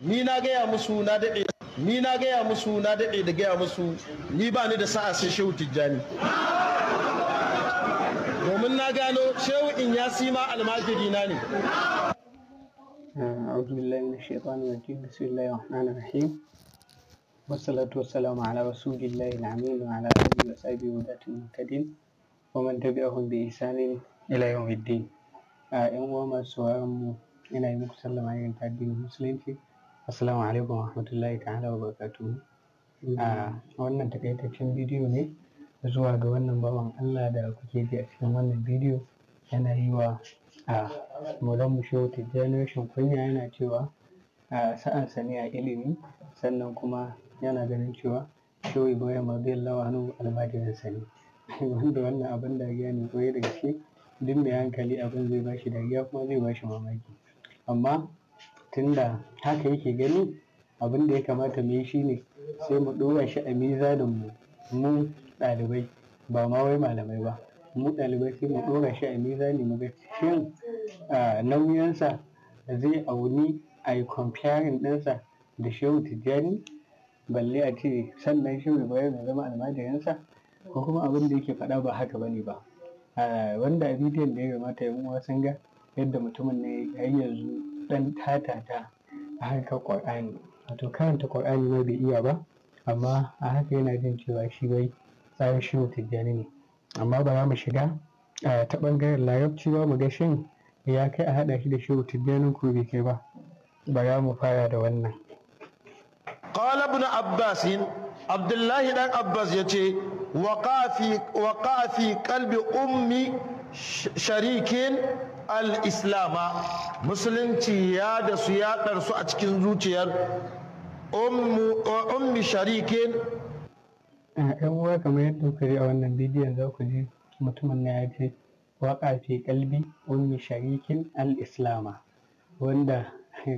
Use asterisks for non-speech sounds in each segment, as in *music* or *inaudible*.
ni na gaya musu na daɗe ni na gaya musu na daɗe da gaya musu ni ba ni da sa'a sai shehu tijjani domin na gano shehu in ya ma almajiri na ne أعوذ بالله من الشيطان الرجيم بسم الله الرحمن الرحيم والصلاة والسلام على رسول الله الأمين وعلى آله وصحبه وذات المهتدين ومن تبعهم بإحسان إلى يوم الدين أيها ina yi muku sallama addinin musulunci Assalamu alaikum wa rahmatullahi ta'ala wa barakatuhu. A ah, wannan takaitaccen bidiyo ne zuwa ga wannan bawan Allah da kuke ji a cikin wannan bidiyo yana yi wa a ah, Maulan Mushehu Tijjanation kunya yana cewa a ah, sa'ansa ne a ilimi sannan kuma yana ganin cewa Shehu Ibrahim radiyallahu lawanu almajirinsa ne. *laughs* Wanda wannan abin dariya ne koyi da shi duk mai hankali abin zai bashi dariya kuma zai bashi mamaki. Amma tunda haka yake gani abin da ya kamata mu yi shine sai mu ɗora shi a mizanin mu mu ɗalibai ba ma wai malamai ba mu ɗalibai sai mu ɗora shi a mizani mu ga shin nauyinsa zai auni a yi comparing ɗinsa da shehu tijjani balle a ce sannan shehu bayan da zama almajirinsa ko kuma abin da yake faɗa ba haka ne ba wanda a bidiyon da ya kamata ya uwa wasan ga yadda mutumin ne yi yanzu ɗan tatata a harkar ƙur'ani wato karanta ƙur'ani ma bai iya ba amma a haka yana jin cewa shi wai tsarin shi tijjani ne amma ba za mu shiga ta ɓangaren larabci ba mu ga shin ya kai a haɗa shi da shirin tijjanin ko bai kai ba ba za mu fara da wannan قال ابن عباس عبد الله بن عباس يتي وقع في وقع في قلب امي شريك al-islama musulunci ya da su ya ɗarsu a cikin zuciyar ummi sharikin yan uwa kamar yadda kuka a wannan bidiyon za ku ji mutumin na ya ce waka fi kalbi ummi sharikin al-islama wanda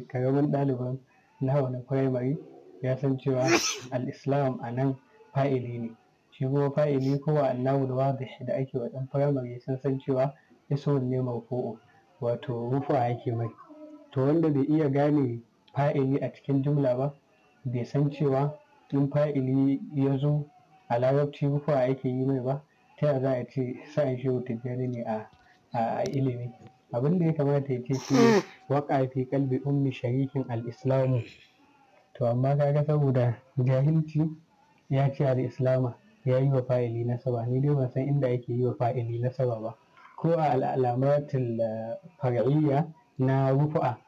karamin ɗaliban na na firamare ya san cewa al-islam a nan fa'ili ne shi kuma fa'ili ko annahu da wadashi da ake wa ɗan firamare sun san cewa iso ne ko'o. wato a yake mai to wanda bai iya gane fa'ili a cikin jumla ba bai san cewa in fa'ili ya zo a larabci a yake yi mai ba ta yaya za a ce shiru ta tijjani ne a a ilimi abin da ya kamata ya ce shi waƙa fi kalbi ummi sharikin Al'islamu? to amma kaga saboda jahilci ya ce alislama ya yi wa fa'ili nasaba ni dai ban san inda ake yi wa fa'ili nasaba ba ko a al'alamatul eh, na rufu'a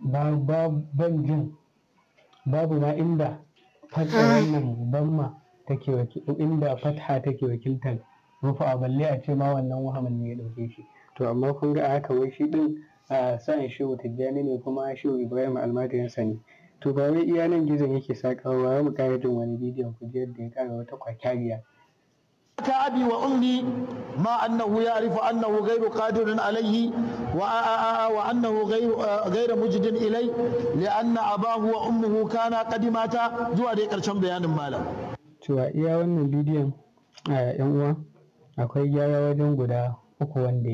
ban jin babu ma inda fatha ah. wannan take inda fatha take wakiltar ruf'a balle a ce ma wannan wahamin ne ya ɗauke shi to amma kun ga a haka wai shi ɗin sa'in shehu tijjani ne kuma shehu ibrahim almajirinsa ne to ba wai iya nan gizon yake sakawa ba mu ƙara jin wani bidiyon ku ji yadda ya ƙara wata kwakyariya taka abi wa umni ya a rufe annahu gaibu kadu da wa aa a annahu gaira mujalli ilai da ana a wa umminu kana kadimata zuwa dai karshen bayanin malam. ta wa iya wannan bidiyon ƴan uwa akwai gyaya wajen guda uku wanda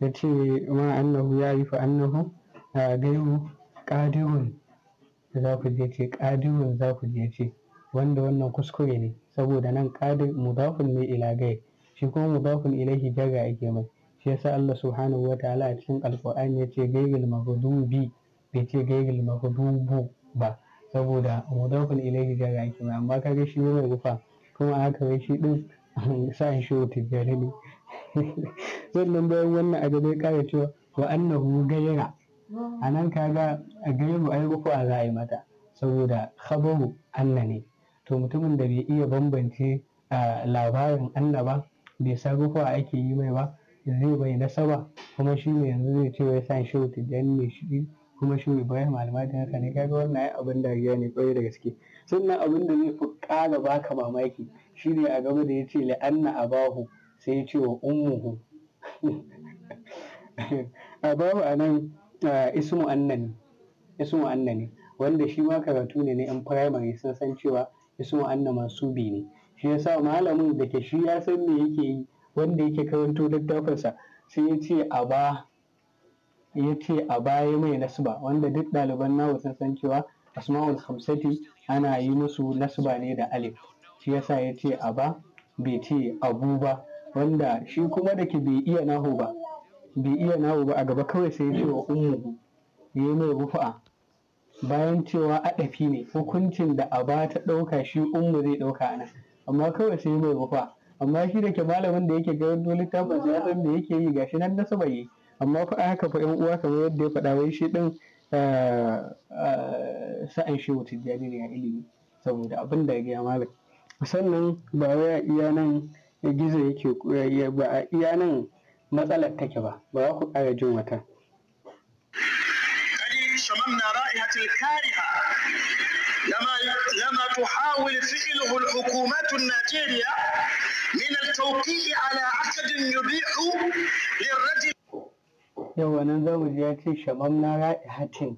ya ce ma a annahu ya a annahu gaibu kaduwan zaku je ce kaduwan zaku je ce wanda wannan kuskure ne. saboda nan qadir mudafun ne ila gai shi kuma mudafun ilaihi jaga ake mai shi yasa Allah subhanahu wa ta'ala a cikin alqur'ani ce, gairil maghdubi bai ce gairil maghdubu ba saboda mudafun ilaihi jaga ake mai amma kaga shi mai rufa kuma haka wai shi din *laughs* sa in shi wuta jare ne *laughs* sannan bayan wannan a gaba ya kara cewa wa annahu gaira anan kaga gairu ai rufa za a yi mata saboda khabaru annane ne to mutumin da bai iya bambance labarin Allah ba bai san rufa ake yi mai ba zai bai nasaba kuma shi ne yanzu zai ce wai san shehu tijjani ne shi kuma shi shehu bayan almadi haka ne kaga wannan abin dariya ne kwarai da gaske sannan abin da zai fi kara baka mamaki Shi ne a gaba da ya ce anna abahu sai ya ce wa ummuhu *laughs* abahu a nan ismu annani ismu annani wanda shi ma karatu ne na yan firamare sun san cewa ismu anna mansubi ne shi yasa malamin da ke shi ya san me yake yi wanda yake karanto littafinsa sai ya ce a ba ya ce a baya mai nasba wanda duk ɗaliban nawa sun san cewa asma'ul hamsati ana yi musu nasba ne da alif shi yasa ya ce a ba bai ce abu ba wanda shi kuma da ke bai iya nahu ba bai iya nahu ba a gaba kawai sai ya ce wa ummu ya yi mai rufa'a bayan cewa adafi ne hukuncin da a ba ta ɗauka shi umma zai ɗauka a nan amma kawai sai mai rufa amma shi da ke malamin da yake garin littafin sa ya san me yake yi gashi nan na saba yi amma fa haka fa yan uwa kamar yadda ya faɗa wai shi din eh, eh, sa'an shi wuce jariri ne a ilimi saboda abin da ya malam sannan ba wai a iya nan gizo yake ba a iya nan matsalar take ba ba ku ƙara jin wata الكارهة لما لما تحاول فعله الحكومات الناجيرية من التوقيع على عقد يبيح للرجل yau wannan zamu ji ya ce shamamna ra'ihatin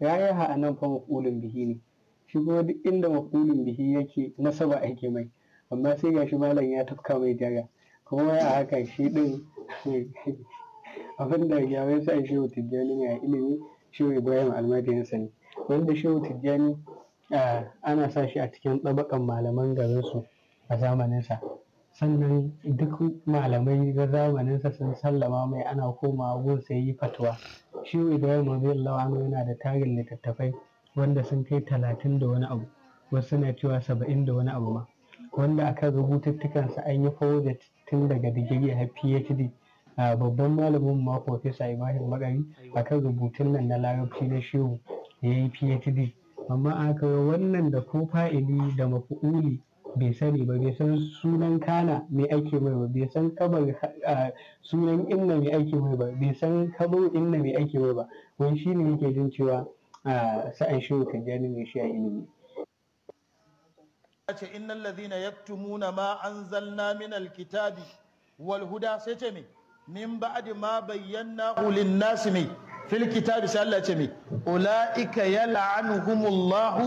ra'iha a nan fa maf'ulun bihi ne shi kuma duk inda maf'ulun bihi yake nasaba ake mai amma sai gashi malam ya tafka mai daga kuma ya haka shi din abin da ya wai shi ne a ilimi shehu ibrahim almajirinsa ne wanda shehu tijjani ana sa shi a cikin tsabakan malaman garinsu a zamaninsa sannan duk malamai na zamaninsa sun sallama mai ana koma sai yi fatuwa shehu ibrahim radiyallahu anhu yana da tarin littattafai wanda sun kai talatin da wani abu wasu na cewa saba'in da wani abu ma wanda akan rubututtukansa an yi forwarded tun daga digiri har phd a babban malamin ma Profesa Ibrahim a kan rubutun nan na larabci na shehu ya yi PhD amma aka wannan da ko fa'ili da mafi'uli bai sani ba bai san sunan kana mai ake mai ba bai san kabar sunan inna mai ake mai ba bai san kabar inna mai ake mai ba wani shi ne yake jin cewa sa'an shehu jani mai shi a ilimi. ce innal ladhina yaktumuna ma anzalna min alkitabi wal huda sai ce me min ba'di ma bayyana ulin nasi mai fil kitabi sai Allah ce mai ulaika yal'anuhumullahu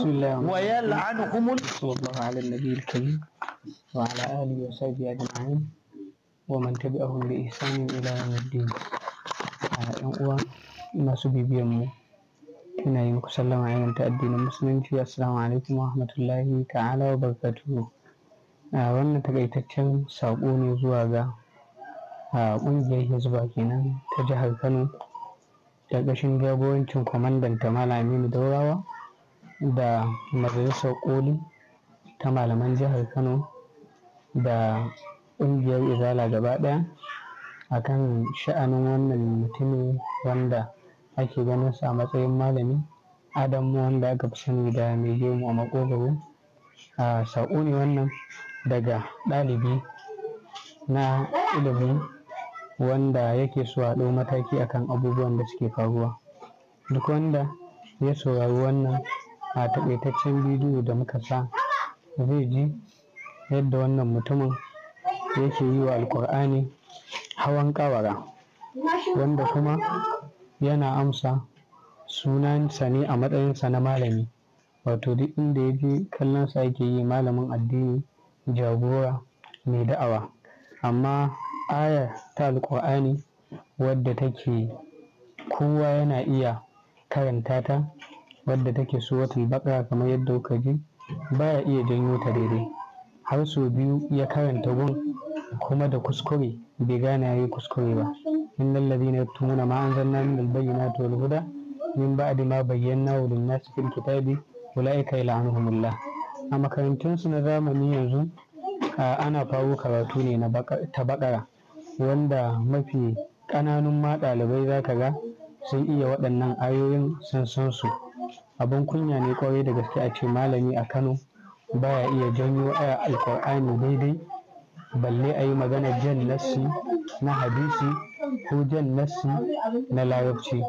wa ya la'anu yal'anuhumul sallallahu ala nabiyil karim wa ala alihi wa sahbihi ajma'in wa man tabi'ahum bi ihsanin ila yawmiddin ah, yan uwa masu bibiyar mu ina yin ku sallama Ayyukan ta addinin musulunci assalamu alaikum wa rahmatullahi ta'ala wa barakatuhu ah, wannan takaitaccen saƙo ne zuwa ga a ƙungiyar hisba kenan ta jihar kano ƙarƙashin jagorancin kwamandan ta aminu daurawa da majalisar ƙoli ta malaman jihar kano da ƙungiyar izala gaba ɗaya a kan sha'anin wannan mutumin wanda ake ganin sa a matsayin malami adamu wanda aka fi sani da mai gemu a makogaro a saƙo ne wannan daga ɗalibi na ilimin wanda yake so a ɗau mataki akan abubuwan da suke faruwa duk wanda ya saurari wannan a taƙaitaccen bidiyo da muka sa zai ji yadda wannan mutumin yake yi wa alƙur'ani hawan ƙawara wanda kuma yana amsa sunansa ne a matsayinsa na malami wato duk inda ya je kallonsa ake yi malamin addini jagora mai da'awa amma aya ta alƙur'ani wadda take kowa yana iya karanta ta wadda take suratul baqara kamar yadda kuka ji baya iya janyo ta daidai har sau biyu ya karanta gun kuma da kuskure bai gane yayi kuskure ba innal ladhina yaktumuna ma anzalna min al-bayyinati wal huda min ba'di ma bayyanahu lin-nasi fil kitabi ulaika yal'anuhumullah a makarantun su na zamani yanzu ana faru karatu ne na ta baqara wanda mafi ƙananun ma ɗalibai za ka ga sun iya waɗannan ayoyin sun san su abin kunya ne kwarai da gaske a ce malami a kano baya iya janyo aya alkur'ani daidai balle a yi magana jan nassi na hadisi ko jan nassi na larabci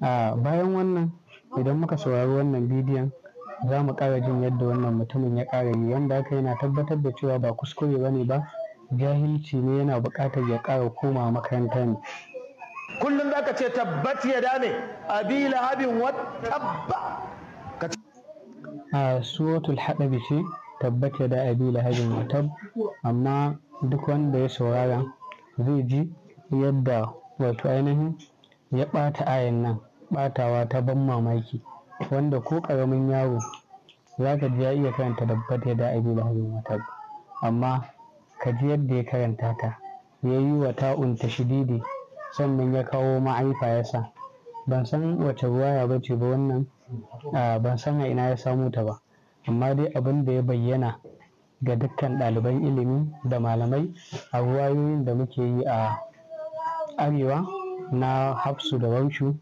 bayan wannan idan muka saurari wannan bidiyon za mu ƙara jin yadda wannan mutumin ya ƙara yi wanda aka yana tabbatar da cewa ba kuskure ba ne ba jahilci ne yana buƙatar ya ƙara koma makaranta ne kullum za ka ce tabbat ya dame abi lahabin wa tabba a suwatul haɗabi bishi tabbat ya da abi lahabin wa tab amma duk wanda ya saurara zai ji yadda wato ainihin ya ɓata ayan nan ɓatawa ta ban mamaki wanda ko ƙaramin yaro za ka ji ya iya karanta tabbat ya da abi lahabin wa tab amma ka ji yadda ya karanta ta ya yi wa ta'un shididi sannan ya kawo ma'aifa ya sa ban san wace ruwaya ba ce ba wannan ban san a ina ya samu ta ba amma dai abin da ya bayyana ga dukkan ɗaliban ilimi da malamai a ruwayoyin da muke yi a arewa na hafsu da waushu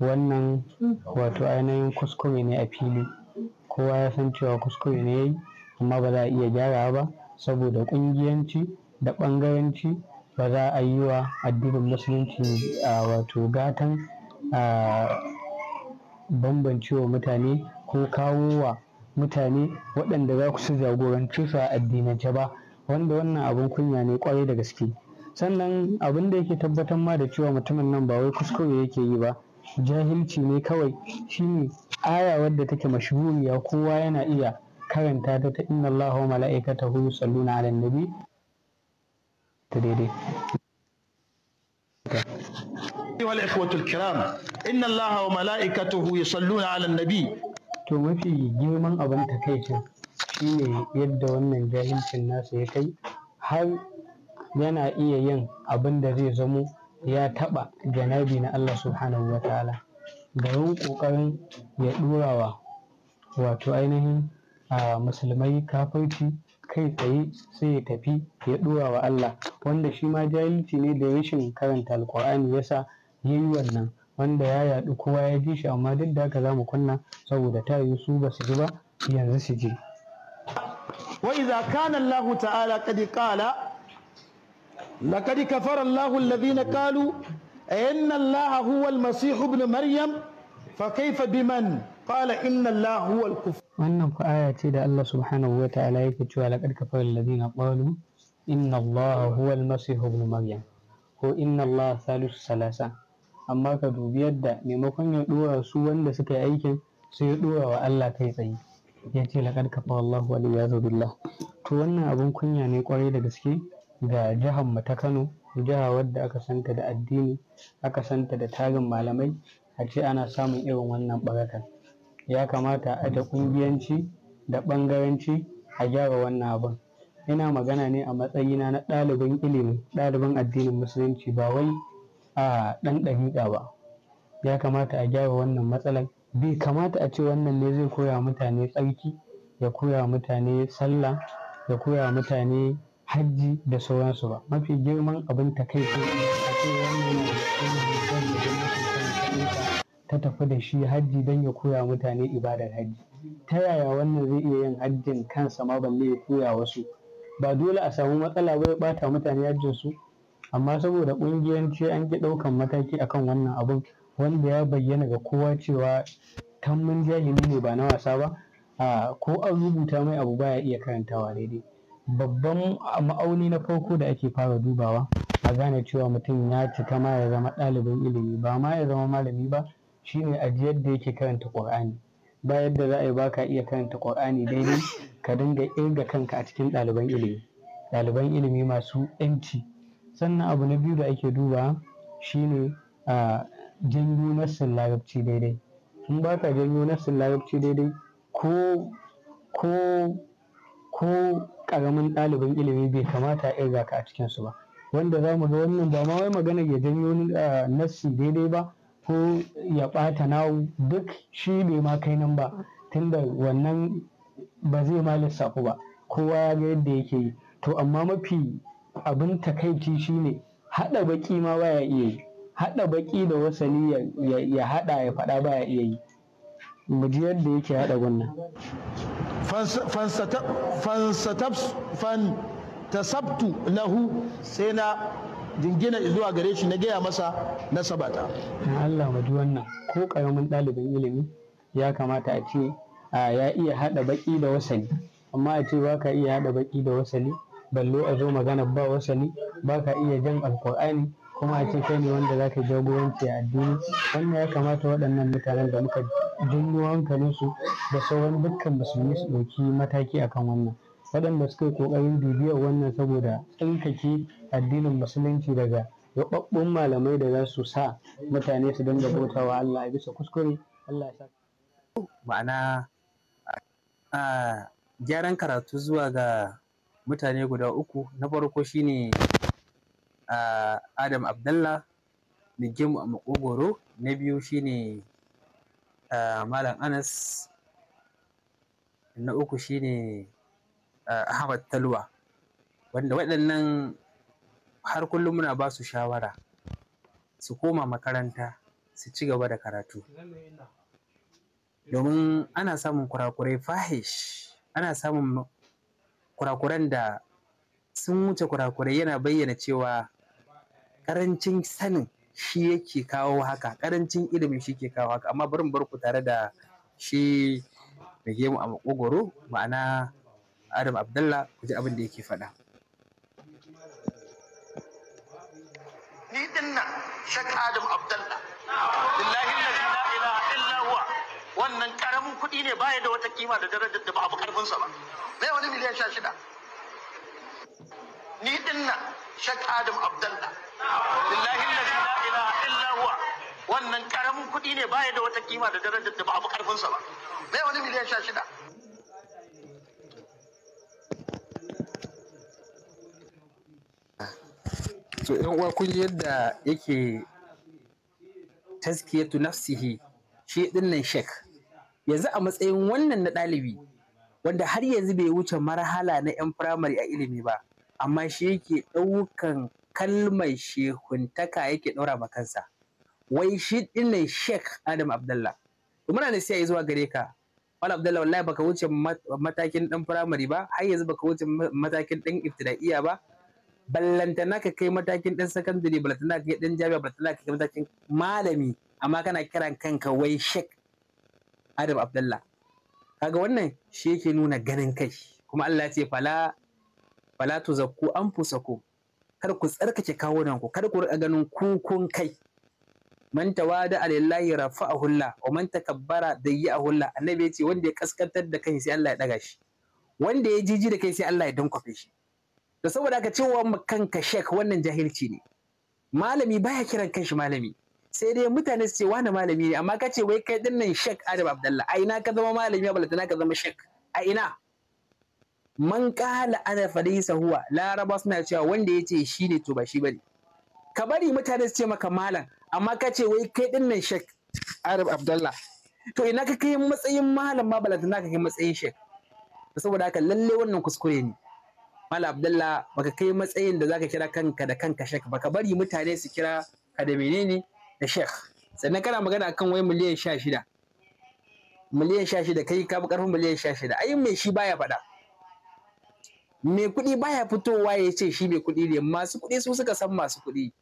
wannan wato ainihin kuskure ne a fili kowa ya san cewa kuskure ne ya yi amma ba za a iya gyarawa ba saboda ƙungiyanci da ɓangaranci ba za a yi wa addinin musulunci a wato gatan a bambancewa mutane ko kawo wa mutane waɗanda za su jagorance su a addinance ba wanda wannan abin kunya ne kwarai da gaske sannan abin da yake tabbatar ma da cewa mutumin nan ba wai kuskure yake yi ba jahilci ne kawai shine aya wadda take mashhuriya kowa yana iya karanta ta ta inna Allahu mala'ikatahu salluna 'alan nabi ta daidai wal ikhwatul kiram inna Allaha wa mala'ikatahu salluna 'alan nabi to mafi girman abin ta takaicin shine yadda wannan jahilcin nasa ya kai har yana iya yin abin da zai zamo ya taɓa janabi na Allah subhanahu wa ta'ala garin ƙoƙarin ya ɗorawa wato ainihin musulmai kafirci kai tsaye sai ya tafi ya ɗora wa Allah wanda shi ma jahilci ne da rashin karanta alkur'ani yasa ya yi wannan wanda ya yaɗu kowa ya ji shi amma duk da haka za mu kunna saboda ta yi su ba su ji ba yanzu su ji wa idza kana Allahu ta'ala qad qala laqad kafara Allah alladhina qalu inna Allah huwa al-masih ibn maryam fa kayfa biman qala inna allaha huwal kufur wannan fa aya ce da Allah subhanahu wa ta'ala yake cewa laqad kafara alladhina qalu inna allaha huwal masih ibn maryam ko inna allaha thalithu salasa amma ka dubi yadda maimakon ya dora su wanda suka yi aikin sai ya dora wa Allah kai tsaye ya ce laqad kafar allahu wal iyadu billah to wannan abun kunya ne kwarai da gaske ga jihar mu ta Kano jiha wadda aka santa da addini aka santa da tarin malamai a ce ana samun irin wannan barakar ya kamata a da ƙungiyanci da ɓangaranci a gyara wannan abin ina magana ne a matsayina na ɗalibin ilimi ɗalibin addinin musulunci ba wai a ɗan ɗariƙa ba ya kamata a gyara wannan matsalar bai kamata a ce wannan ne zai koya mutane tsarki ya koya mutane sallah ya koya mutane hajji da sauransu ba mafi girman abin takaici a ce wannan ne ta tafi da shi hajji don ya koya mutane ibadar hajji ta yaya wannan zai iya yin hajjin kansa ma balle ya koya wasu ba dole a samu matsala ba ya bata mutane hajjin su amma saboda ce an ki ɗaukan mataki akan wannan abun wanda ya bayyana ga kowa cewa mun jahili ne ba na wasa ba a ko an rubuta mai abu baya iya karantawa daidai babban ma'auni na farko da ake fara dubawa a gane cewa mutum ya cika ma ya zama ɗalibin ilimi ba ma ya zama malami ba shine a ji yadda yake karanta Qur'ani ba yadda za a yi baka iya karanta Qur'ani daidai ka dinga irga kanka a cikin ɗaliban ilimi ɗaliban ilimi masu yanci sannan abu na biyu da ake duba shine a janyo nassin larabci daidai in ba ka janyo nassin larabci daidai ko ƙaramin ɗaliban ilimi bai kamata a irga ka a cikinsu ba wanda za mu ga wannan ba ma wai magana ya janyo nassi daidai ba ko ya ɓata nawu duk shi bai ma kai nan ba tunda wannan ba zai ma lissafu ba kowa ya ga yadda yake yi to amma mafi abin takaici shine haɗa baki ma baya iya yi haɗa baki da wasali ya haɗa ya faɗa baya iya yi muji yadda yake haɗa wannan fantasabtu lahu sai na jingina zuwa gare shi na gaya masa na sabata Allah wadu wannan ko karamin ɗalibin ilimi ya kamata a ce ya iya haɗa baƙi da wasani amma a ce ba ka iya haɗa baki da wasani ballo a zo magana ba wasani ba ka iya jan alkur'ani kuma a ce kai ne wanda za ka jagoranci a addini wannan ya kamata waɗannan mutanen da muka hankalin su da sauran dukkan musulmi su ɗauki mataki akan wannan waɗanda suka yi ƙoƙarin bibiyar wannan saboda tsarkake addinin musulunci daga rubabbun malamai da za su sa mutane su dinga wa Allah a bisa kuskure Allah ya sa ma'ana a gyaran karatu zuwa ga mutane guda uku na farko shine a Adam Abdallah Nigim Makogoro na biyu shine Malam Anas na uku shine Ahmad Talwa wanda waɗannan har kullum muna ba su shawara su koma makaranta su ci gaba da karatu domin ana samun kurakurai fahish ana samun kurakuran da sun wuce kurakurai yana bayyana cewa karancin sanin shi yake kawo haka karancin ilimi shi ke kawo haka amma barin ku tare da shi da gemu a makogoro ma'ana adam abdullah ku ji abin da yake faɗa. shak adam abdalla lillahi la ilaha illa huwa wannan karamin kuɗi ne baya da wata kima da darajar da ba abu karfinsa ba mai wani miliyan sha shida ni dinna shak adam abdalla lillahi la ilaha illa huwa wannan karamin kuɗi ne baya da wata kima da darajar da ba abu karfinsa ba mai wani miliyan sha shida to yan uwa kun ji yadda yake taskiyatu nafsihi shi nan shek yanzu a matsayin wannan na ɗalibi wanda har yanzu bai wuce marhala na 'yan firamare a ilimi ba amma shi yake ɗaukan kalmar shehuntaka yake ɗaura ma kansa wai shi nan shek adam abdallah muna da sai zuwa gare ka wala abdallah wallahi baka wuce matakin ɗan firamare ba har yanzu baka wuce matakin ɗan ibtida'iya ba ballantana ka kai matakin dan sakandare ballantana ka kai dan jami'a ballantana ka kai matakin malami amma kana kiran kanka wai shek adam abdullah kaga wannan shi yake nuna ganin kai kuma Allah ya ce fala fala zakku anfusakum kar ku tsarkake kawunan ku kar ku riƙa ganin kukun kai man tawada alillahi rafa'ahu Allah wa man takabbara dayyahu Allah annabi ya ce wanda ya kaskantar da kai sai Allah ya daga shi wanda ya jiji da kai sai Allah ya dankwafe shi da saboda ce cewa kanka shek wannan jahilci ne malami baya kiran kanshi malami sai dai mutane su ce wani malami ne amma ka ce wai kai dinnan shek Adam abdallah a ina ka zama malami ba na ka zama shek a ina man kala ana fadisa huwa laraba suna cewa wanda ya ce shi ne to ba shi bane ka bari mutane su ce maka malam amma ka ce wai kai dinnan shek Adam abdallah to ina ka kai matsayin malam ma balatana ka kai matsayin shek saboda haka lalle wannan kuskure ne Mala Abdullah baka kai matsayin da zaka kira kanka da kanka shek baka bari mutane su kira ka da menene da shek sannan kana magana akan wai miliyan sha shida miliyan sha shida kai ka karfin miliyan sha shida ai mai shi baya faɗa mai kuɗi baya fitowa ya ce shi mai kuɗi ne masu kuɗi su suka san masu kuɗi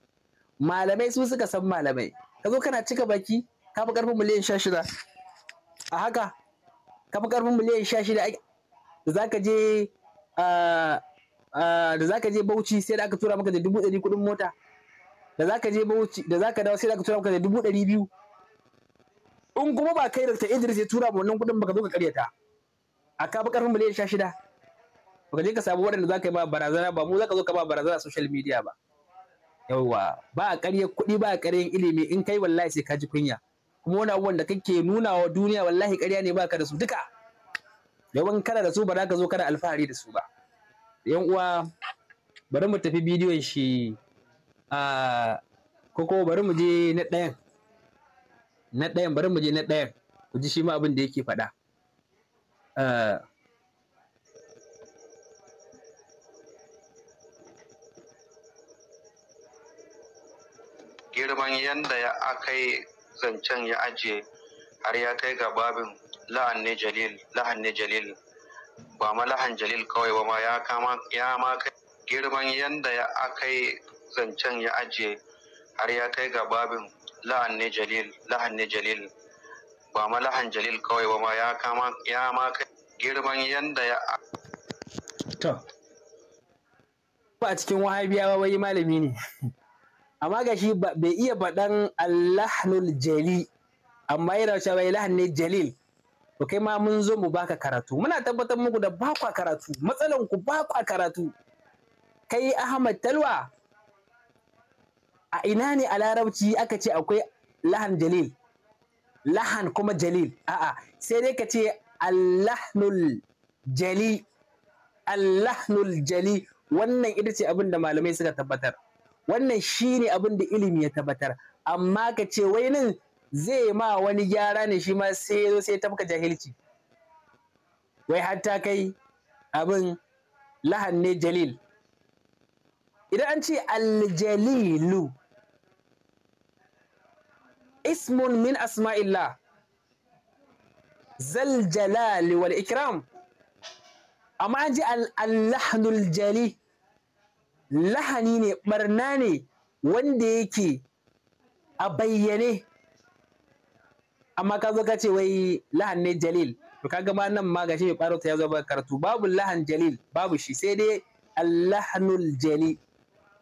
malamai su suka san malamai ka zo kana cika baki ka fi karfin miliyan sha shida a haka ka fi karfin miliyan sha shida za ka je ah, Ah, da zaka je Bauchi sai da aka tura maka da dubu ɗari kuɗin mota da zaka je Bauchi da zaka dawo sai da aka tura maka da dubu ɗari biyu in kuma ba kai Dr. Idris ya tura ma wannan kuɗin baka zo ka karyata a ka bi karfin miliyan sha shida baka je ka samu waɗanda zaka yi ma barazana ba mu zaka zo ka ba barazana social media ba yawwa ba a ƙaryar kuɗi ba a ƙaryar ilimi in kai wallahi sai ka ji kunya kuma wani abubuwan da kake nuna wa duniya wallahi ƙarya ne baka da su duka yawan kana da su ba za ka zo kana alfahari da su ba yan uwa bari mu tafi bidiyon shi a koko bari mu je na ɗayan na ɗayan bari mu je na ɗayan ku ji shi ma abin da yake faɗa girman yadda ya akai zancen ya ajiye har ya kai ga babin la'anne jalil ne jalil ba malahan jalil kawai ba ma ya kama ya ma kai girman yanda ya akai zancen ya ajiye har ya kai ga babin la'an ne jalil la'an ne jalil ba malahan jalil kawai ba ma ya kama ya ma kai girman yanda ya to ba a cikin ba wai malami ne *laughs* amma ga shi bai iya badan allahnul jali amma yana cewa bai lahan ne jalil to kai ma mun zo mu baka karatu muna tabbatar muku da ba kwa karatu matsalan ku ba kwa karatu kai Ahmad Talwa a ina ne a larabci aka ce akwai lahan jalil lahan kuma jalil a'a sai dai ka ce allahnul jali allahnul jali wannan ita ce abin da malamai suka tabbatar wannan shine abin da ilimi ya tabbatar amma ka ce wai nan zai ma wani gyara ne shi ma sai ya sai ya tafka jahilci wai har ta kai abin lahan jalil idan an ce aljalilu ismun min asma'illah zal jalali wal ikram amma an ji allahnul jali lahani ne barna ne wanda yake a bayyane amma ka zo ka ce wai lahan ne jalil to kaga ma nan ma gashi mai ɓarauta ta ya zo ba karatu babu lahan jalil babu shi sai dai allahnul jali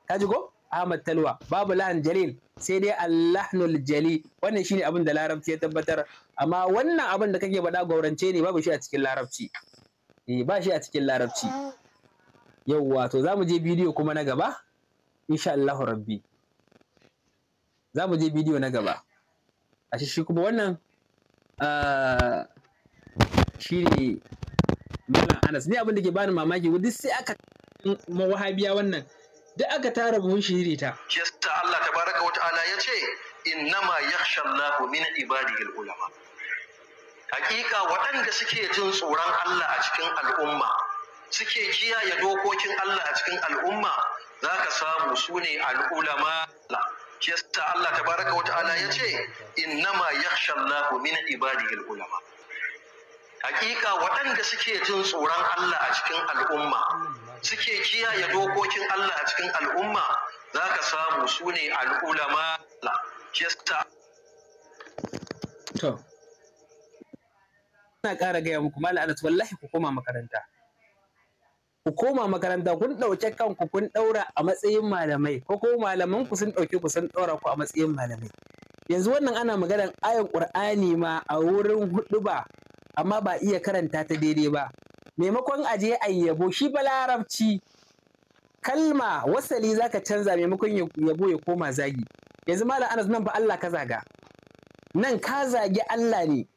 ka ji ko Ahmad Talwa babu lahan jalil sai dai allahnul jali wannan shine abin da larabci ya tabbatar amma wannan abin da kake faɗa gaurance ne babu shi a cikin larabci eh ba shi a cikin larabci yauwa to za mu je bidiyo kuma na gaba insha allahu rabbi za mu je bidiyo na gaba a shi kuma wannan ah, shi ne malam anas ne abin da ke bani mamaki duk sai aka mawahabiya wannan duk aka tara buhun shiri ta shi Allah Allah tabaraka wa ta'ala ya ce innama yakhsha Allah min ibadihi ulama hakika waɗanda suke jin tsoron Allah a cikin al'umma suke kiyaye dokokin Allah a cikin al'umma zaka samu su ne al'ulama Allah ta Allah wata ala ya ce innama yakhsha Allahu min ibadihi ulama hakika waɗanda suke jin tsoron Allah a cikin al'umma suke kiyaye dokokin Allah a cikin al'umma zaka samu su ne al'ulama yasa to ina ƙara gaya muku malam wallahi ku koma makaranta ku koma makaranta kun ɗauke kanku kun ɗaura a matsayin malamai ko ko malaman ku sun ɗauke ku sun ɗaura ku a matsayin malamai yanzu wannan ana maganar ayan ƙur'ani ma a wurin ba, amma ba iya karanta ta daidai ba maimakon a je a yabo shi ba kalma wasali zaka canza maimakon yabo ya koma zagi yanzu malam anas nan ba Allah ka zaga nan ka zagi Allah ne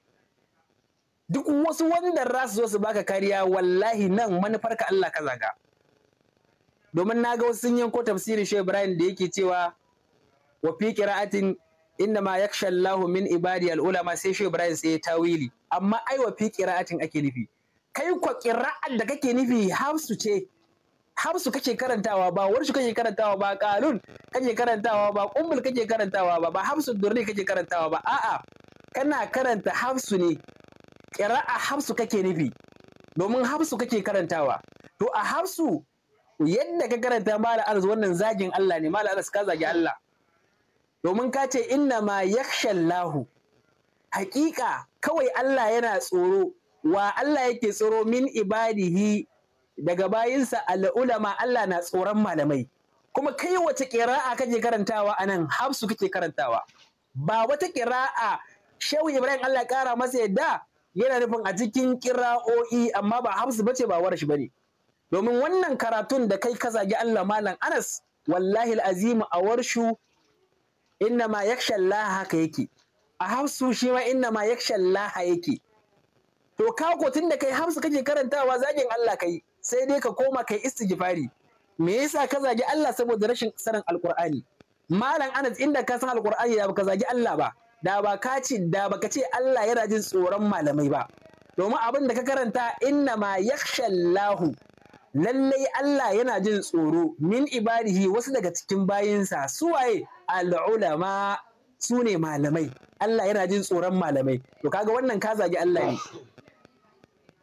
duk wasu wanda za su zo su baka kariya wallahi nan ka Allah ka zaga domin na ga wasu sun yanko tafsirin Shehu Ibrahim da yake cewa wa fi qira'atin inna ma yakhsha Allahu min ibadi al-ulama sai Shehu Ibrahim sai ya tawili amma ai wa fi qira'atin ake nufi kai kwa qira'at da kake nufi hafsu ce hafsu kake karantawa ba warshi kake karantawa ba qalun kake karantawa ba ummul kake karantawa ba ba hafsu durri kake karantawa ba a'a kana karanta hafsu ne ƙira'a hafsu kake nufi domin hafsu kake karantawa to a hafsu yadda ka karanta mala arz wannan zagin Allah ne mala arz ka zagi Allah domin ka ce inna ma yakhshallahu haƙiƙa kawai Allah yana tsoro wa Allah yake tsoro min ibadihi daga bayinsa al-ulama Allah na tsoron malamai kuma kai wace ƙira'a kake karantawa anan hafsu kake karantawa ba wata ƙira'a shehu ibrahim Allah kara masa yadda yana nufin a cikin kira'o'i amma ba hafsu bace ba warshi bane domin wannan karatun da kai ka zagi Allah malam Anas wallahi al'azimu a warshu inna ma yaksha Allah haka yake a hafsu shi ma inna ma yaksha Allah yake to kako tunda kai hafsu kake karantawa zagin Allah kai sai dai ka koma kai istighfari me yasa ka zagi Allah saboda rashin sanin alqur'ani malam Anas inda ka san alqur'ani ba ka zagi Allah ba da ba ka ce da baka ce Allah yana jin tsoron malamai ba domin abin da ka karanta inna ma yakhshallahu lallai Allah yana jin tsoro min ibadihi wasu daga cikin bayinsa suwaye al'ulama su ne malamai Allah yana jin tsoron malamai to kaga wannan ka zagi Allah ne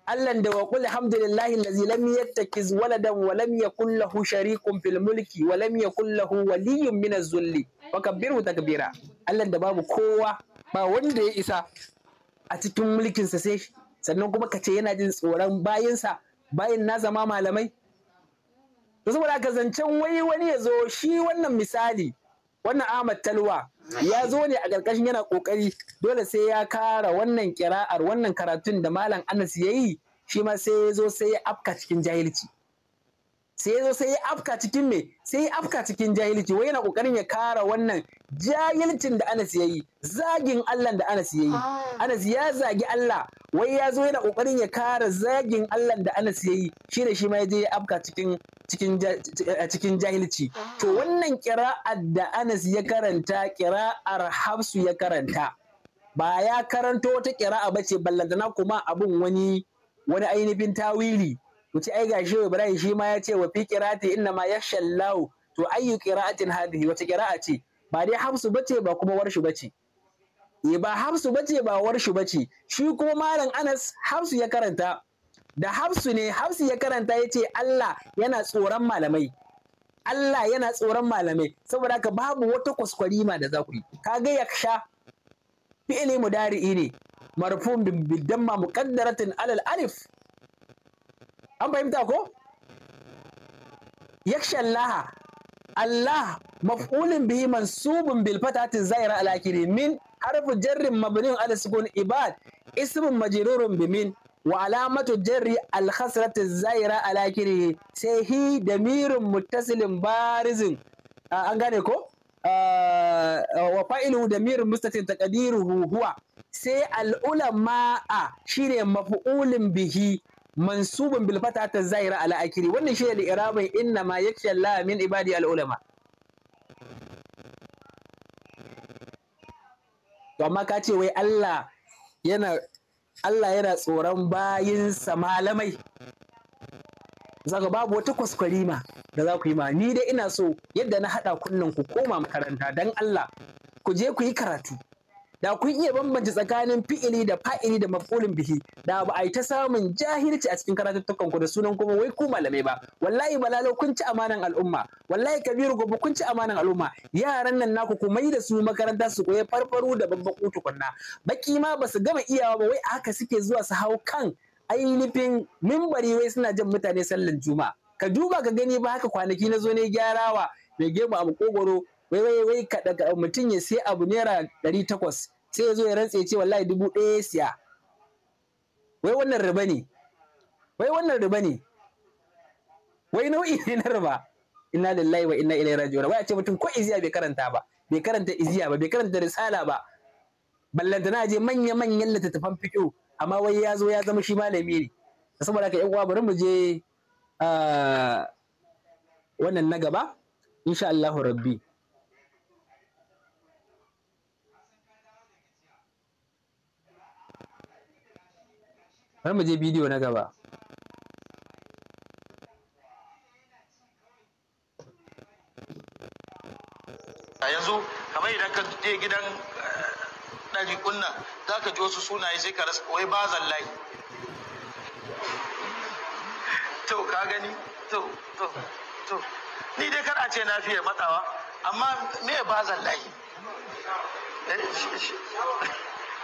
Allah da wa qul alhamdulillahi allazi lam yattakiz waladan wa lam yakul lahu sharikun fil mulki wa lam yakul lahu waliyyun min az-zulli wa kabbiru takbira Allah da babu kowa ba wanda ya isa a cikin mulkin sa sai sannan kuma kace yana jin tsoron bayinsa bayin na zama malamai saboda ka zancen wai wani ya zo shi wannan misali wannan Ahmad Talwa ya zo ne a ƙarƙashin yana ƙoƙari dole sai ya kara wannan kira'ar wannan karatun da malam anas ya yi shi ma sai ya zo sai ya afka cikin jahilci sai ya zo sai ya afka cikin me sai ya afka cikin jahilci wai yana kokarin ya kara wannan jahilcin da Anas yayi zagin Allah da Anas yayi ah. Anas ya zagi Allah wai ya zo yana kokarin ya kara zagin Allah da Anas yayi ne shi ma ya je ya afka cikin cikin eh, cikin jahilci ah. to wannan kira'ar da Anas ya karanta kira'ar Hafsu ya karanta ba ya karanto wata kira'a bace ballantana kuma abun wani wani ainihin tawili To ci ai gashi Ibrahim shi ma ya ce wa fi qira'ati inna ma yashallahu to ayyu qira'atin hadhihi wata qira'a ce ba dai hafsu bace ba kuma warshi bace eh ba hafsu bace ba warshi bace shi kuma malam Anas hafsu ya karanta da hafsu ne hafsu ya karanta yace ce Allah yana tsoron malamai Allah yana tsoron malamai saboda haka babu wata kwaskwarima da za ku yi kaga yaksha fi'ili mudari'i ne bi damma muqaddaratin alal alif an fahimta ko yakhsha Allah Allah mafulin bihi mansubun bil fatati zaira al min harfu jarrin mabniun ala sukun ibad ismun majrurun bi min wa alamatu jarri al khasrati zaira al sai hi damirun muttasilin barizin an gane ko wa fa'ilu da mirin mustatin taqdiruhu huwa sai al'ulama a shine maf'ulin bihi mansubun bil fata ta zaira ala akiri wannan shi ne irabin inna ma ya Allah min ibadi al ulama to amma ka ce wai Allah yana tsoron bayinsa malamai zaka babu wata kwaskwarima da za ku yi ma ni dai ina so yadda na haɗa kunnen ku koma makaranta don Allah ku je ku yi karatu da kun iya bambance tsakanin fi'ili da fa'ili da maf'ulin bihi da ba a yi ta samun jahilci a cikin karatuttukan ku da sunan kuma wai ku malamai ba wallahi balalo kun ci amanan al'umma wallahi kabiru gobe kun ci amanan al'umma yaran nan naku ku mai da su makaranta su koyi farfaru da babbaku tukunna baki ma ba su gama iyawa ba wai haka suke zuwa su hau kan ainihin mimbari wai suna jan mutane sallan juma'a ka duba ka gani ba haka kwanaki na zo ne gyarawa mai gemu a makogoro wai wai wai ka daga mutum ya sai abu naira ɗari takwas sai ya zo ya rantse ce wallahi dubu ɗaya siya wai wannan riba ne wai wannan riba ne wai nau'i ne na riba inna lillahi wa inna ilaihi raji'un wai a ce mutum ko iziya bai karanta ba bai karanta iziya ba bai karanta risala ba na je manya-manyan littattafan fiƙo amma wai ya zo ya zama shi malami ne saboda haka uwa bari mu je ah, wannan na gaba insha Allahu rabbi bari mu je bidiyo na gaba a yanzu kamar idan ka je gidan eh, ɗari kunna za ka ji wasu sunaye sai ka rasa wai ba zallai to ka gani to to to ni dai kar a ce na fiye matsawa amma me ba zallai eh,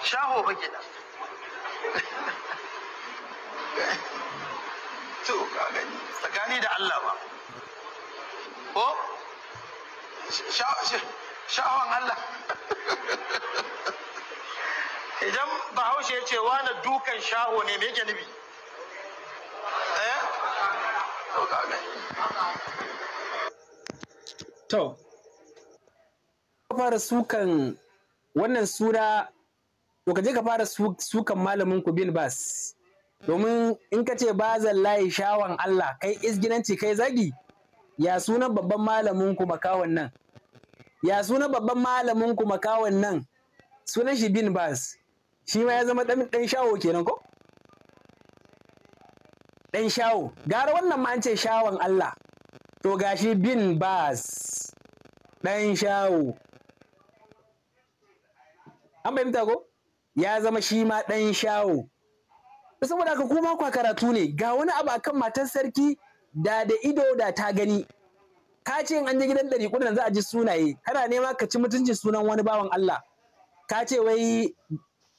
shaho ba gida *laughs* to ka gani tsakani da Allah ba ko sha'awan Allah *laughs* idan bahaushe ya ce wani dukan shaho ne mai janibi eh to ka fara sukan wannan sura to ka je ka fara sukan malamin ku bin bas domin in ka ce bazan layi shawan Allah kai izginanci kai zagi ya suna babban malamin ku makawan nan ya suna babban malamin ku makawan nan sunan shi bin bas shi ma ya zama dan shawo kenan ko dan shawo gara wannan ma an ce shawan Allah to gashi bin bas dan shawo an fahimta ko ya zama shi ma dan shawo saboda haka kuma kwa karatu ne ga wani abu akan matar sarki da da ido da ta gani ka ce in an je gidan ɗari kudin za a ji sunaye kana nema ka ci mutuncin sunan wani bawan Allah ka ce wai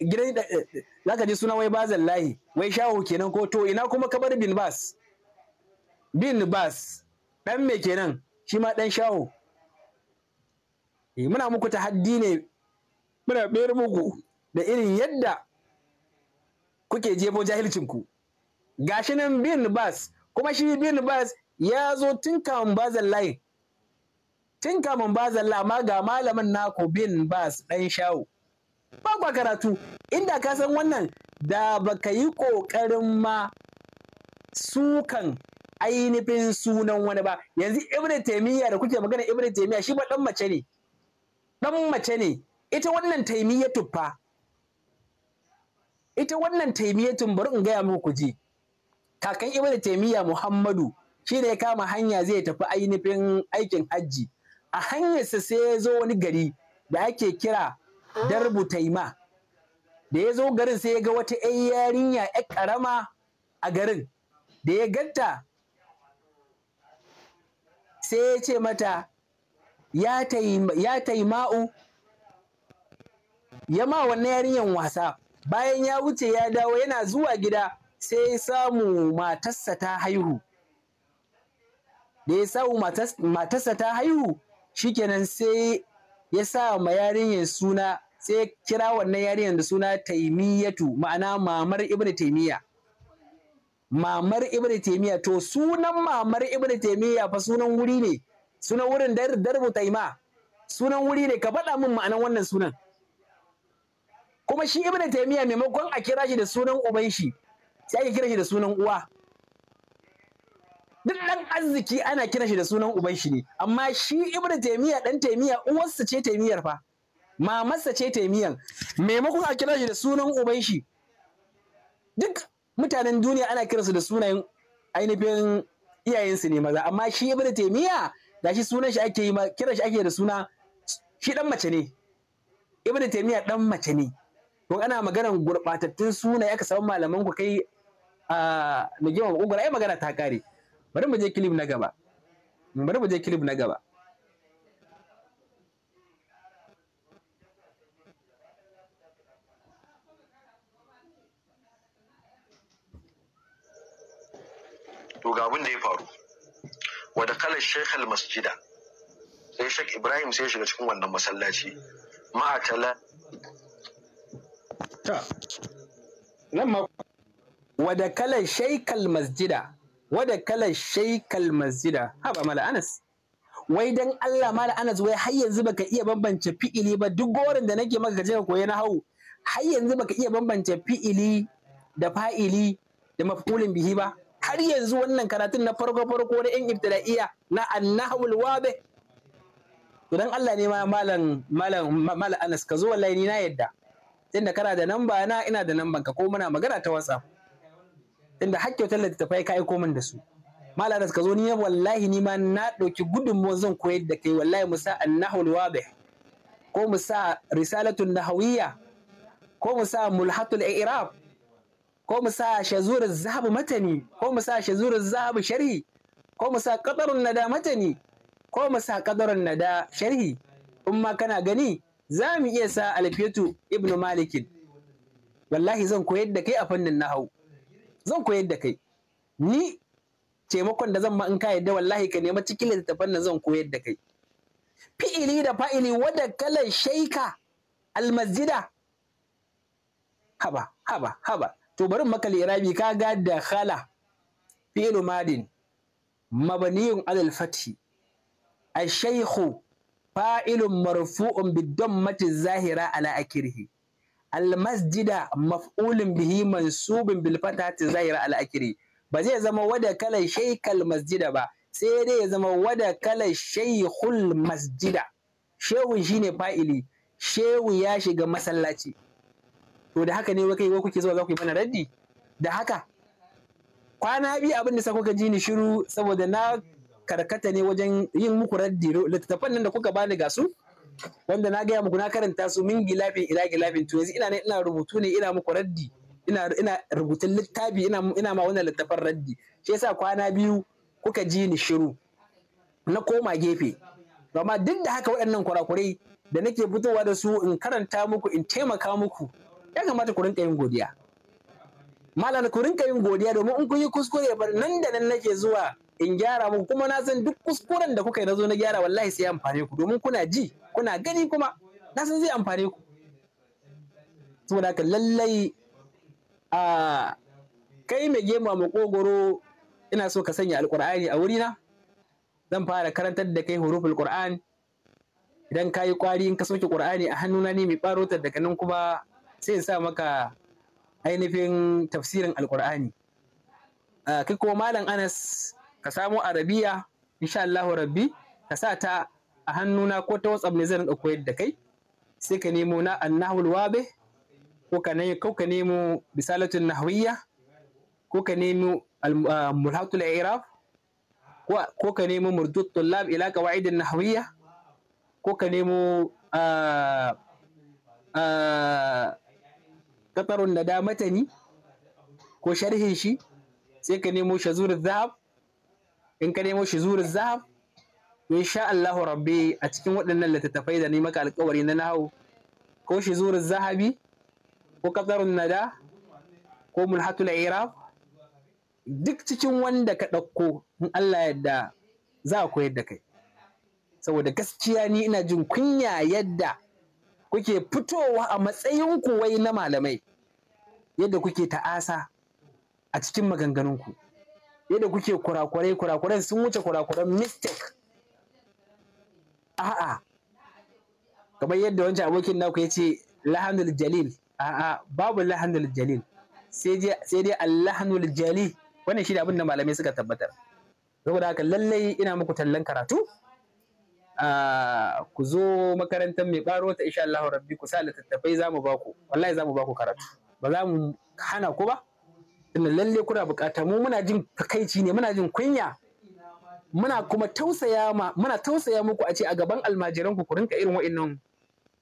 gidan eh, eh, za ka ji sunan wai bazan lahi wai shawo kenan ko to ina kuma ka bin bas bin bas dan me kenan shi ma dan shawo eh, muna muku tahaddi ne muna bayar muku da irin yadda kuke jebo jahilcinku gashi nan bin bas kuma shi bin bas ya zo tun kamun bazan layi tun kamun bazan lama ga malamin naku bin bas ɗan shawo ba kwa karatu inda ka san wannan da baka yi ƙoƙarin ma sukan ainihin sunan wani ba yanzu ibn taimiyya da kuke magana ibn taimiyya shi ba ɗan mace ne ɗan mace ne ita wannan taimiyya tuffa ita wannan taimiyatun bari in gaya muku je. kakan da Taimiyya muhammadu shi da ya kama hanya zai tafi ainihin aikin hajji a hanyarsa sai ya zo wani gari da ake kira darbu taima da ya zo garin sai ya ga wata 'yan yarinya 'yan karama a garin da ya ganta sai ya ce mata ya taima'u ya ma wannan yarinyan wasa bayan ya wuce ya dawo yana zuwa gida sai ya samu matarsa ta haihu da ya samu matarsa ta haihu shikenan sai ya sa ma yarinyar suna sai ya kira wannan yarinyar da suna taimiyatu ma'ana mamar ibn taimiyya mamar ibn taimiyya to sunan mamar ibn taimiyya fa sunan wuri ne sunan wurin darbu taima sunan wuri ne ka faɗa min ma'anan wannan sunan kuma shi ibnu taymiya maimakon a kira shi da sunan uban shi sai ake kira shi da sunan uwa duk dan arziki ana kira shi da sunan uban shi ne amma shi ibnu taymiya dan taymiya uwarsa ce taymiyar fa mamarsa ce taymiyan maimakon a kira shi da sunan uban shi duk mutanen duniya ana kiransu da sunayen ainihin iyayensu ne maza amma shi ibnu taymiya gashi sunan shi ake yi kira shi ake da suna shi dan mace ne ibnu taymiya dan mace ne to ana maganar gurɓatattun suna ka samu malaman ku kai a nigima makogoro ai magana ta ƙare bari mu je kilib na gaba bari mu je kilib na gaba to ga abin da ya faru wa da kala shekha al masjida sai shek ibrahim sai shiga cikin wannan masallaci ma'a nan ma wada shaikal masjida wada kalar shaikal masjida haba mala anas wai dan Allah mala anas wai har yanzu baka iya bambance fi'ili ba duk gorin da nake maka kaje ka koyi na hau har yanzu baka iya bambance fi'ili da fa'ili da maf'ulin bihi ba har yanzu wannan karatun na farko farko na yan ibtida'iya na annahul wabe to dan Allah ne ma malam malam anas ka zo wallahi ni na yadda inda kana da namba na ina da namban ka ko muna magana ta WhatsApp inda har kyautar tafai ka aiko min da su mala da ka zo ni wallahi ni ma na ɗauki gudunmuwa zan koyar da kai wallahi musa annahul wabih ko mu sa risalatun nahawiyya ko mu mulhatul i'rab ko mu sa shazur zahabu matani ko mu sa shazur zahabu sharhi ko mu sa qadarun nada matani ko mu sa qadarun nada sharhi in kana gani za mu iya sa alfiyatu ibnu malikin wallahi zan koyar da kai a fannin nahau zan koyar da kai ni taimakon da zan ma in ka yadda wallahi ka nema cikin littattafan nan zan koyar da kai fi'ili da fa'ili wadda kalar shaika almasjida haba haba haba to bari maka lirabi ka ga da khala fi'ilu madin mabaniyun alal fathi الشيخ fa'ilun marfu'un biddammati zahira ala akirhi almasjida maf'ulun bihi mansubun bil fatati zahira ala ba zai zama wada kala shaykal masjida ba sai dai ya zama wada kala shaykhul masjida shehun shine fa'ili shehu ya shiga masallaci to da haka ne wakai kuke zuwa za ku yi mana raddi da haka kwana biyu abin da sa kuka ji ni shiru saboda na karkata ne wajen yin muku raddi littattafan nan da kuka bani ga su wanda na gaya muku na karanta su min gilafin ila gilafin to yanzu ina ne ina rubutu ne ina muku raddi ina ina rubutun littafi ina ina ma wannan littafin raddi shi yasa kwana biyu kuka ji ni shiru na koma gefe amma duk da haka waɗannan kurakurai da nake fitowa da su in karanta muku in taimaka muku ya kamata ku rinka yin godiya malam ku rinka yin godiya domin in kun yi kuskure bar nan da nan nake zuwa in gyara muku kuma na san duk kuskuren da kuka yi na zo na gyara wallahi sai amfane ku domin kuna ji kuna gani kuma na san zai amfane ku saboda ka lallai a kai mai gema makogoro ina so ka sanya alkur'ani a wurina zan fara karantar da kai huruful qur'an idan ka yi kwari in ka soke qur'ani a hannuna ne mai barotar daga nan kuma sai in sa maka ainihin tafsirin alkur'ani ah, kai kuma malam anas ka samo arabiya insha Allah rabbi ka sa ta a hannuna ko ta watsaf ne zan ɗauko yadda kai sai ka nemo na annahul wabe ko ka ka nemo bisalatul nahwiyya ko ka nemo ah, mulhatul irab ko ka nemo murdut tullab ila qawaidin nahwiyya ko ka nemo ah, da mata ni ko sharhin shi sai ka nemo shazurul zahab in ka nemo shazurul zahab insha Allah rabbi a cikin waɗannan littattafai da ni maka alƙawari na nahu. ko shazurul zahabi ko katarun nada ko mulhatul irab duk cikin wanda ka ɗauko in Allah yadda za a koyar da kai saboda gaskiya ni ina jin kunya yadda kuke fitowa a matsayinku wai na malamai yadda kuke ta'asa a cikin maganganunku yadda kuke kurakurai kurakurai sun wuce kurakuran mistake a'a kamar yadda wancan abokin naku ya ce lahanul jalil a'a babu lahanul jalil sai dai allahanul jali wannan shi da abin da malamai suka tabbatar saboda haka lallai ina muku tallan karatu ku zo makarantar mai baro ta insha Allah rabbi ku sa littattafai zamu baku wallahi zamu baku karatu ba za mu hana ku ba ina lalle kuna bukata mu muna jin takaici ne muna jin kunya muna kuma tausaya ma muna tausaya muku a ce a gaban almajiran ku rinka irin wa'annan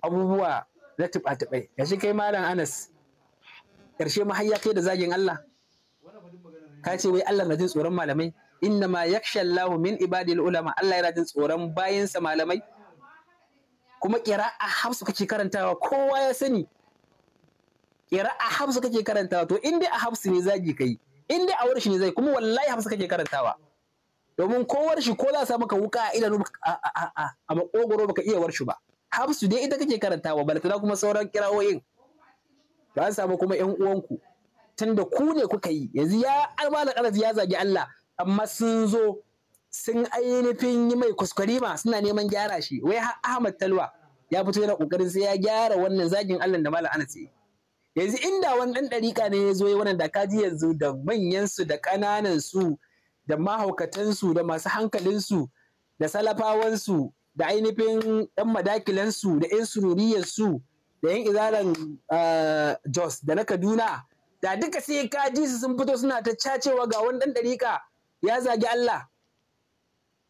abubuwa na tuba Ya shi kai malam Anas karshe mu hayya kai da zagin Allah ka ce wai Allah na jin tsoron malamai inna ma yakhsha Allahu min ibadil ulama Allah yana jin tsoron bayansa malamai kuma kira a hafsu kake karantawa kowa ya sani kira a hafsa kake karantawa to in a hafsa ne zagi kai in dai a warshi ne zai kuma wallahi hafsa kake karantawa domin ko warshi ko za sa maka wuka a idanu a makogoro baka iya warshi ba hafsu dai ita kake karantawa tana kuma sauran kirawoyin ba an samu kuma yan uwanku tunda ku ne kuka yi yanzu ya almalar anas ya zagi Allah amma sun zo sun ainihin yi mai ma suna neman gyara shi wai Ahmad Talwa ya fito yana kokarin sai ya gyara wannan zagin Allah da malam Anas yi yanzu inda wani ɗan ɗariƙa ne ya zo ya wannan da kaji yanzu da manyansu da ƙananansu da mahaukatansu da masu hankalinsu da salafawansu da ainihin ɗan madakilansu da 'yan sururiyarsu da 'yan izaran ah, jos da na kaduna da duka sai kaji su sun fito suna ta cacewa ga wani ɗan ɗariƙa ya zagi Allah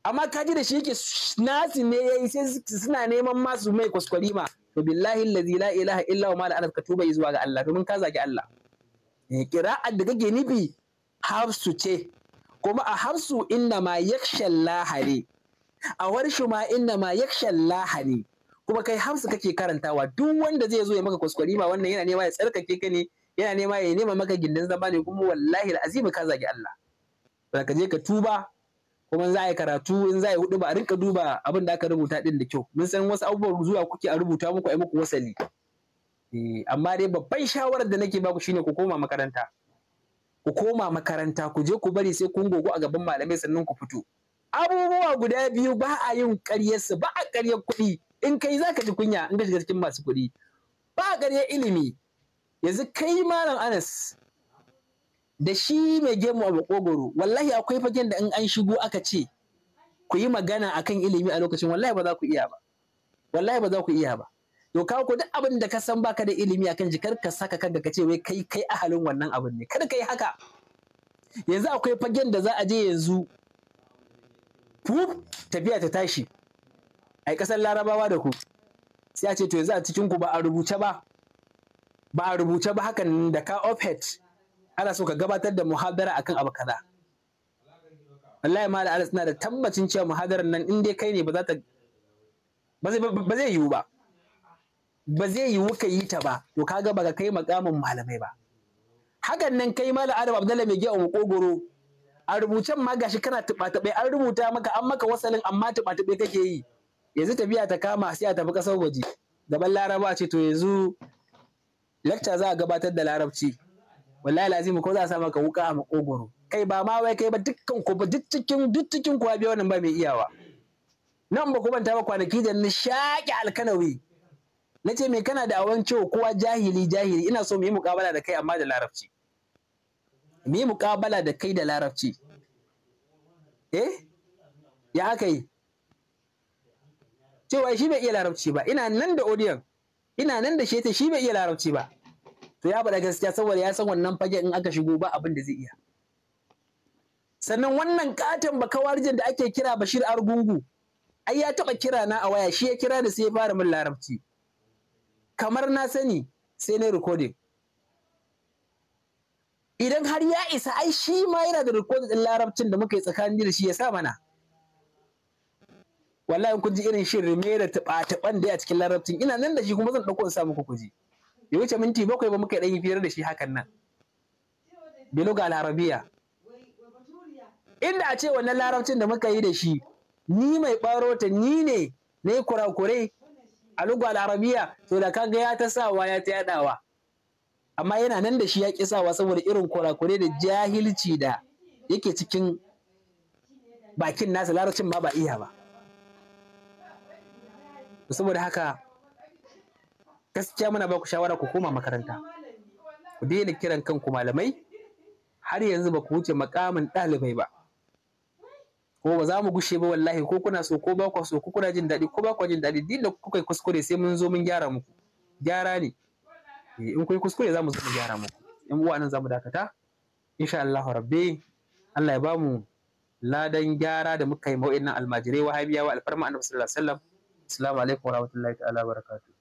amma kaji da shi yake nasi ne ya yi sai suna neman masu mai kwaskwarima to billahi allazi la ilaha illa huwa mala anaka ka tuba zuwa ga Allah domin ka zaki Allah eh, qira'at da kake nufi hafsu ce kuma a hafsu inna ma yakhsha ne a warshu ma inna ma yakhsha ne kuma kai hafsu kake karantawa duk wanda zai zo ya maka kuskure ma wannan yana nema ya tsarkake ka ne yana nema ya nema maka gindin zama ne kuma wallahi al'azim ka zaki Allah ka je ka tuba kuma za a yi karatu in za a yi hudu ba a rinka duba abin da aka rubuta din da kyau mun san wasu abubuwan zuwa kuke a rubuta muku a muku wasali eh, amma dai babban shawarar da nake baku shine ku koma makaranta ku koma makaranta ku je ku bari sai kun gogo a gaban malamai sannan ku fito abubuwa guda biyu ba a yin su, ba a karyar kuɗi in kai za ka ji kunya in ka shiga cikin masu kuɗi ba a karyar ilimi yanzu kai malam anas da shi mai gemu a makogoro wallahi akwai fagen da in an shigo aka ce ku yi magana akan ilimi a lokacin wallahi ba za ku iya ba wallahi ba za ku iya ba to kawo ko duk abin da ka san baka da ilimi akan jikar ka saka kan ka ce wai kai kai ahalin wannan abin ne kada kai haka yanzu akwai fagen da za a je yanzu fu tafiya ta tashi a kasar larabawa da ku sai a ce to yanzu a cikin ku ba a rubuce ba ba a rubuce ba hakan da ka opet ana so ka gabatar da muhadara akan abu kaza wallahi ma da na da tabbacin cewa muhadarar nan in dai kai ne ba za ta ba zai yiwu ba ba zai yiwu ka yi ta ba to kaga ba ka kai makamin malamai ba hakan nan kai malam adam abdullahi mai giya kogoro a rubucen ma gashi kana tuba an rubuta maka an maka wasalin amma tuba kake yi yanzu tafiya ta kama sai a tafi kasar waje gaban laraba ce to yanzu lecture za a gabatar da larabci wallahi lazim ko za a sa maka wuka a makogoro kai ba ma wai kai ba dukkan ku ba duk cikin duk cikin ku abiya wannan ba mai iyawa nan ba ku banta ba kwanaki da ni shaƙi alkanawi na ce mai kana da awon cewa kowa jahili jahili ina so mu yi muƙabala da kai amma da larabci mu yi muƙabala da kai da larabci eh ya aka yi cewa shi bai iya larabci ba ina nan da odiyan, ina nan da sheta shi bai iya larabci ba to ya bada gaskiya saboda ya san wannan fage in aka shigo ba abin da zai iya sannan wannan katon warjin da ake kira Bashir Argungu ai ya taba kira na a waya shi ya kira da sai ya fara min larabci kamar na sani sai na recording idan har ya isa ai shi ma yana da recording din larabcin da muka yi tsakanin da shi ya sa mana wallahi kun ji irin shirin mai da taɓa-taɓan da a cikin larabcin ina nan da shi kuma zan ɗauko in sa muku kuji. ya wuce minti bakwai ba muka yi yi firar da shi hakan nan biluga al inda a ce wannan larabcin da muka yi da shi ni mai ɓarota ni ne na yi kurakure a lugwa larabiya, to da kaga ya ta sawa ya ta yaɗawa amma yana nan da shi ya ƙi sawa saboda irin kurakure da jahilci da yake cikin bakin nasa larabcin ma ba iya ba saboda haka gaskiya muna ba ku shawara ku koma makaranta ku daina kiran kanku malamai har yanzu ba ku wuce makamin ɗalibai ba ko ba za mu gushe ba wallahi ko kuna so ko ba ku so ko kuna jin daɗi ko ba ku jin daɗi duk da kuka kuskure sai mun zo mun gyara muku gyara ne eh, in kun kuskure za mu zo mu gyara muku in uwa nan za mu dakata insha Allah rabbi Allah ya bamu ladan gyara da muka yi ma'o'in nan almajirai wahabiyawa alfarma annabi sallallahu alaihi wasallam assalamu alaikum warahmatullahi ta'ala barakatuh